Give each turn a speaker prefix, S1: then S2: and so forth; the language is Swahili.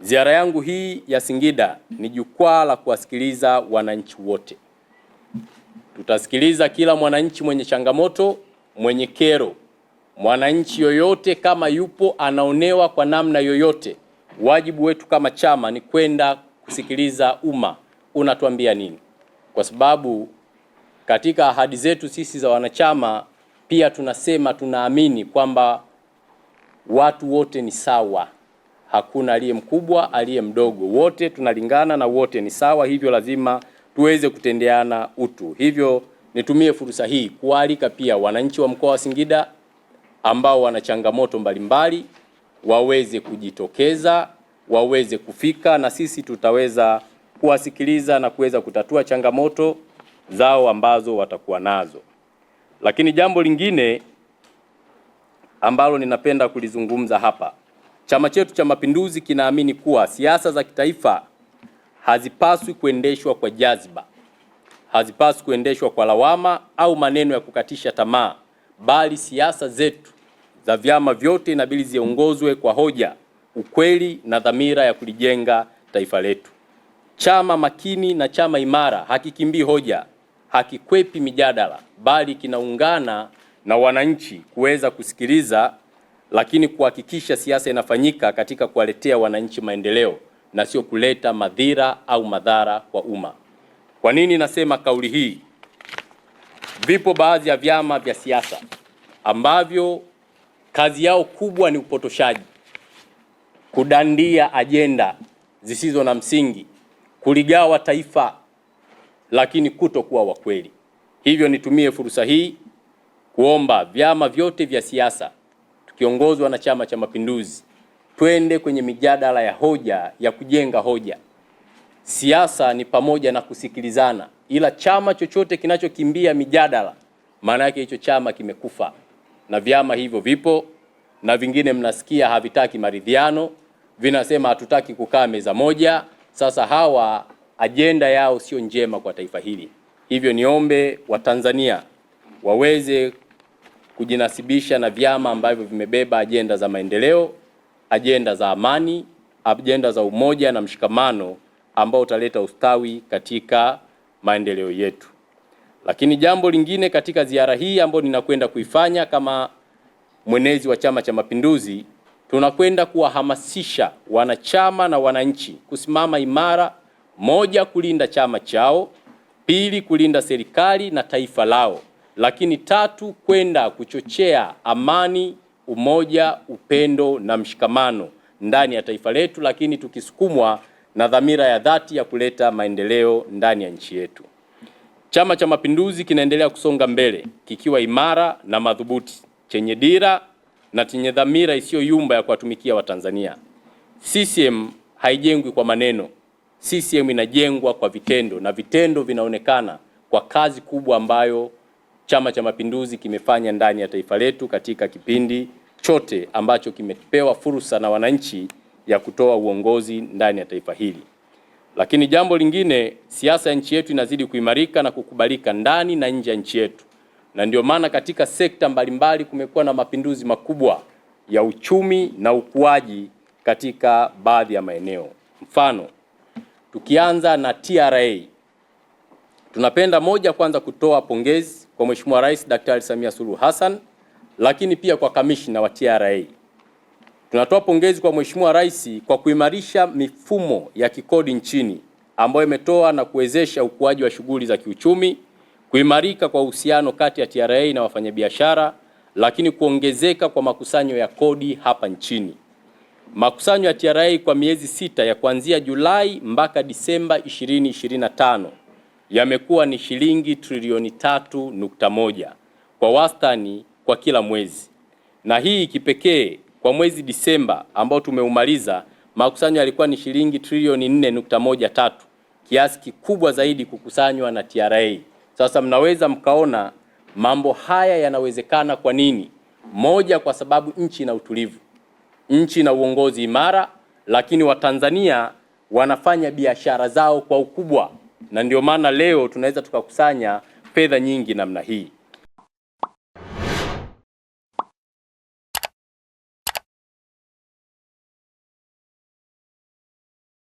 S1: Ziara yangu hii ya Singida ni jukwaa la kuwasikiliza wananchi wote. Tutasikiliza kila mwananchi mwenye changamoto, mwenye kero, mwananchi yoyote kama yupo anaonewa kwa namna yoyote. Wajibu wetu kama chama ni kwenda kusikiliza umma unatuambia nini, kwa sababu katika ahadi zetu sisi za wanachama pia tunasema tunaamini kwamba watu wote ni sawa hakuna aliye mkubwa aliye mdogo, wote tunalingana na wote ni sawa, hivyo lazima tuweze kutendeana utu. Hivyo nitumie fursa hii kuwaalika pia wananchi wa mkoa wa Singida ambao wana changamoto mbalimbali waweze kujitokeza, waweze kufika na sisi tutaweza kuwasikiliza na kuweza kutatua changamoto zao ambazo watakuwa nazo. Lakini jambo lingine ambalo ninapenda kulizungumza hapa Chama chetu cha Mapinduzi kinaamini kuwa siasa za kitaifa hazipaswi kuendeshwa kwa jaziba, hazipaswi kuendeshwa kwa lawama au maneno ya kukatisha tamaa, bali siasa zetu za vyama vyote inabidi ziongozwe kwa hoja, ukweli na dhamira ya kulijenga taifa letu. Chama makini na chama imara hakikimbii hoja, hakikwepi mijadala, bali kinaungana na wananchi kuweza kusikiliza lakini kuhakikisha siasa inafanyika katika kuwaletea wananchi maendeleo na sio kuleta madhira au madhara kwa umma. Kwa nini nasema kauli hii? Vipo baadhi ya vyama vya siasa ambavyo kazi yao kubwa ni upotoshaji, kudandia ajenda zisizo na msingi, kuligawa taifa, lakini kutokuwa wakweli. Hivyo nitumie fursa hii kuomba vyama vyote vya siasa kiongozi wa chama cha Mapinduzi, twende kwenye mijadala ya hoja ya kujenga hoja. Siasa ni pamoja na kusikilizana, ila chama chochote kinachokimbia mijadala, maana yake hicho chama kimekufa, na vyama hivyo vipo na vingine mnasikia havitaki maridhiano, vinasema hatutaki kukaa meza moja. Sasa hawa ajenda yao sio njema kwa taifa hili. Hivyo niombe Watanzania waweze kujinasibisha na vyama ambavyo vimebeba ajenda za maendeleo, ajenda za amani, ajenda za umoja na mshikamano ambao utaleta ustawi katika maendeleo yetu. Lakini jambo lingine katika ziara hii ambayo ninakwenda kuifanya kama mwenezi wa Chama cha Mapinduzi, tunakwenda kuwahamasisha wanachama na wananchi kusimama imara, moja, kulinda chama chao, pili, kulinda serikali na taifa lao lakini tatu, kwenda kuchochea amani, umoja, upendo na mshikamano ndani ya taifa letu, lakini tukisukumwa na dhamira ya dhati ya kuleta maendeleo ndani ya nchi yetu. Chama cha Mapinduzi kinaendelea kusonga mbele kikiwa imara na madhubuti, chenye dira na chenye dhamira isiyoyumba ya kuwatumikia Watanzania. CCM haijengwi kwa maneno, CCM inajengwa kwa vitendo, na vitendo vinaonekana kwa kazi kubwa ambayo Chama cha Mapinduzi kimefanya ndani ya taifa letu katika kipindi chote ambacho kimepewa fursa na wananchi ya kutoa uongozi ndani ya taifa hili. Lakini jambo lingine, siasa ya nchi yetu inazidi kuimarika na kukubalika ndani na nje ya nchi yetu, na ndio maana katika sekta mbalimbali kumekuwa na mapinduzi makubwa ya uchumi na ukuaji katika baadhi ya maeneo. Mfano, tukianza na TRA, tunapenda moja, kwanza kutoa pongezi kwa Mheshimiwa Rais Daktari Samia Suluhu Hassan, lakini pia kwa kamishna wa TRA. Tunatoa pongezi kwa Mheshimiwa Rais kwa kuimarisha mifumo ya kikodi nchini ambayo imetoa na kuwezesha ukuaji wa shughuli za kiuchumi, kuimarika kwa uhusiano kati ya TRA na wafanyabiashara, lakini kuongezeka kwa makusanyo ya kodi hapa nchini. Makusanyo ya TRA kwa miezi sita ya kuanzia Julai mpaka Disemba 2025 yamekuwa ni shilingi trilioni tatu nukta moja kwa wastani kwa kila mwezi, na hii kipekee kwa mwezi Disemba ambao tumeumaliza, makusanyo yalikuwa ni shilingi trilioni nne nukta moja tatu, kiasi kikubwa zaidi kukusanywa na TRA. Sasa mnaweza mkaona mambo haya yanawezekana kwa nini? Moja, kwa sababu nchi ina utulivu, nchi ina uongozi imara, lakini Watanzania wanafanya biashara zao kwa ukubwa na ndio maana leo tunaweza tukakusanya fedha nyingi namna hii.